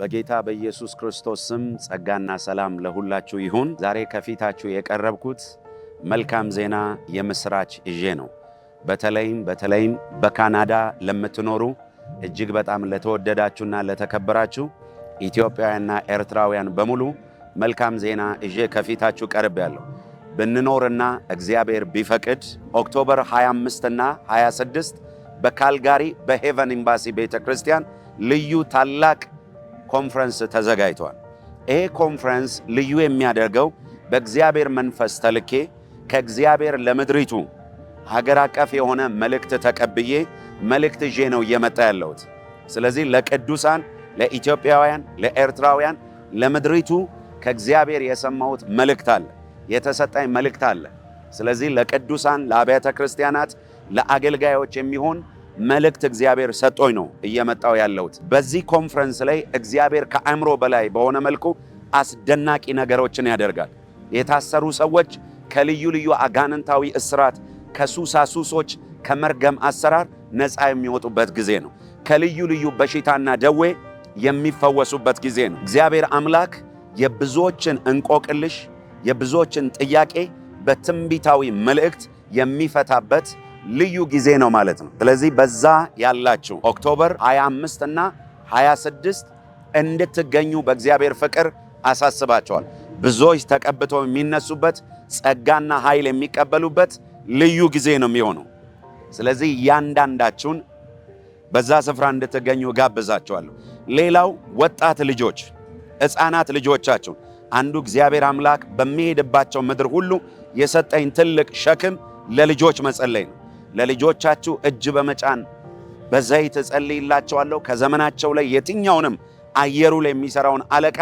በጌታ በኢየሱስ ክርስቶስ ስም ጸጋና ሰላም ለሁላችሁ ይሁን። ዛሬ ከፊታችሁ የቀረብኩት መልካም ዜና የምስራች ይዤ ነው። በተለይም በተለይም በካናዳ ለምትኖሩ እጅግ በጣም ለተወደዳችሁና ለተከበራችሁ ኢትዮጵያውያንና ኤርትራውያን በሙሉ መልካም ዜና ይዤ ከፊታችሁ ቀርብ ያለሁ ብንኖርና እግዚአብሔር ቢፈቅድ ኦክቶበር 25 እና 26 በካልጋሪ በሄቨን ኤምባሲ ቤተ ክርስቲያን ልዩ ታላቅ ኮንፈረንስ ተዘጋጅቷል። ይሄ ኮንፈረንስ ልዩ የሚያደርገው በእግዚአብሔር መንፈስ ተልኬ ከእግዚአብሔር ለምድሪቱ ሀገር አቀፍ የሆነ መልእክት ተቀብዬ መልእክት ይዤ ነው እየመጣ ያለሁት። ስለዚህ ለቅዱሳን፣ ለኢትዮጵያውያን፣ ለኤርትራውያን፣ ለምድሪቱ ከእግዚአብሔር የሰማሁት መልእክት አለ፣ የተሰጣኝ መልእክት አለ። ስለዚህ ለቅዱሳን፣ ለአብያተ ክርስቲያናት፣ ለአገልጋዮች የሚሆን መልእክት እግዚአብሔር ሰጦኝ ነው እየመጣው ያለሁት። በዚህ ኮንፈረንስ ላይ እግዚአብሔር ከአእምሮ በላይ በሆነ መልኩ አስደናቂ ነገሮችን ያደርጋል። የታሰሩ ሰዎች ከልዩ ልዩ አጋንንታዊ እስራት፣ ከሱሳ ሱሶች፣ ከመርገም አሰራር ነፃ የሚወጡበት ጊዜ ነው። ከልዩ ልዩ በሽታና ደዌ የሚፈወሱበት ጊዜ ነው። እግዚአብሔር አምላክ የብዙዎችን እንቆቅልሽ፣ የብዙዎችን ጥያቄ በትንቢታዊ መልእክት የሚፈታበት ልዩ ጊዜ ነው ማለት ነው። ስለዚህ በዛ ያላችሁ ኦክቶበር 25 እና 26 እንድትገኙ በእግዚአብሔር ፍቅር አሳስባቸዋል። ብዙዎች ተቀብተው የሚነሱበት ጸጋና ኃይል የሚቀበሉበት ልዩ ጊዜ ነው የሚሆነው። ስለዚህ እያንዳንዳችሁን በዛ ስፍራ እንድትገኙ ጋብዛቸዋለሁ። ሌላው ወጣት ልጆች፣ ሕፃናት ልጆቻችሁን አንዱ እግዚአብሔር አምላክ በሚሄድባቸው ምድር ሁሉ የሰጠኝ ትልቅ ሸክም ለልጆች መጸለይ ነው። ለልጆቻችሁ እጅ በመጫን በዘይት እጸልይላቸዋለሁ። ከዘመናቸው ላይ የትኛውንም አየሩ ላይ የሚሠራውን አለቃ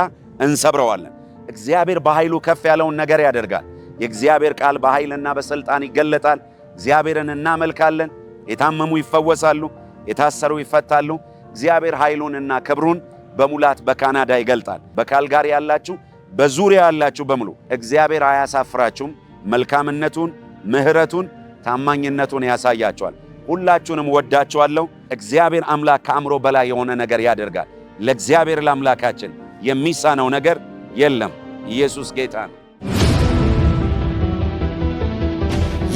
እንሰብረዋለን። እግዚአብሔር በኃይሉ ከፍ ያለውን ነገር ያደርጋል። የእግዚአብሔር ቃል በኃይልና በሥልጣን ይገለጣል። እግዚአብሔርን እናመልካለን። የታመሙ ይፈወሳሉ፣ የታሰሩ ይፈታሉ። እግዚአብሔር ኃይሉንና ክብሩን በሙላት በካናዳ ይገልጣል። በካልጋሪ ያላችሁ፣ በዙሪያ ያላችሁ በሙሉ እግዚአብሔር አያሳፍራችሁም። መልካምነቱን ምሕረቱን ታማኝነቱን ያሳያቸዋል። ሁላችሁንም ወዳችኋለሁ። እግዚአብሔር አምላክ ከአእምሮ በላይ የሆነ ነገር ያደርጋል። ለእግዚአብሔር ለአምላካችን የሚሳነው ነገር የለም። ኢየሱስ ጌታ ነው።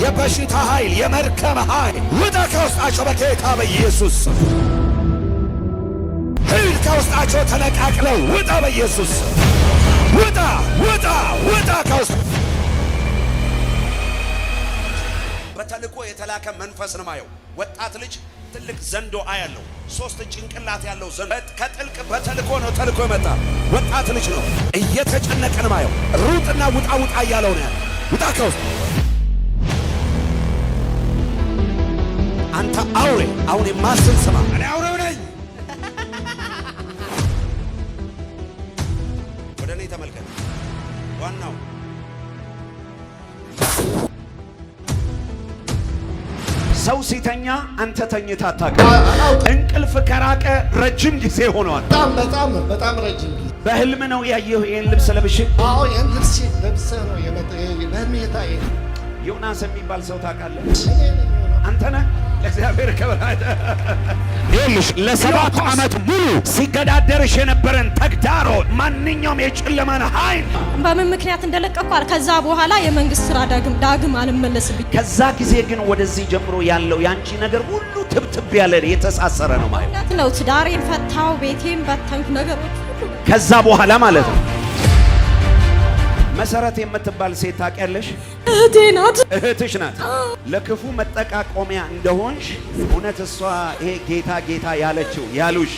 የበሽታ ኃይል፣ የመርከም ኃይል ውጣ ከውስጣቸው በጌታ በኢየሱስ ሂድ። ከውስጣቸው ተነቃቅለው ውጣ በኢየሱስ ውጣ፣ ውጣ፣ ውጣ ከውስጥ ተልኮ የተላከ መንፈስ ነው ማየው። ወጣት ልጅ ትልቅ ዘንዶ አያለው። ሶስት ጭንቅላት ያለው ዘንዶ ከጥልቅ በተልኮ ነው ተልኮ የመጣ ወጣት ልጅ ነው። እየተጨነቀ ነው ማየው። ሩጥና ውጣ ውጣ እያለው ነው። ያለ። ውጣ ከውስጥ አንተ አውሬ! አሁን የማስል ስማ፣ እኔ አውሬው ነኝ። ወደ እኔ ተመልከት ዋናው ሰው ሲተኛ አንተ ተኝታ አታውቅም። እንቅልፍ ከራቀ ረጅም ጊዜ ሆኗል። በጣም በጣም በጣም ረጅም ጊዜ በህልም ነው ያየሁ። ይህን ልብስ ለብሽ? አዎ ይህን ልብስ ለብሰ ነው በህልም የታየ ዮናስ የሚባል ሰው ታውቃለህ? አንተ ነህ ለእግዚአብሔር ክብር ይሁንሽ። ለሰባት ዓመት ሙሉ ሲገዳደርሽ የነበረን ተግዳሮት፣ ማንኛውም የጨለመን ኃይል በምን ምክንያት እንደለቀኩ ከዛ በኋላ የመንግስት ስራ ዳግም ዳግም አልመለስብኝ። ከዛ ጊዜ ግን ወደዚህ ጀምሮ ያለው ያንቺ ነገር ሁሉ ትብትብ ያለ የተሳሰረ ነው ማለት ነው። ትዳሬን ፈታው፣ ቤቴን በተንኩ፣ ነገሮች ከዛ በኋላ ማለት ነው መሰረት የምትባል ሴት ታውቂያለሽ? እህቴ ናት። እህትሽ ናት። ለክፉ መጠቃቆሚያ እንደሆንሽ እውነት እሷ ይሄ ጌታ ጌታ ያለችው ያሉሽ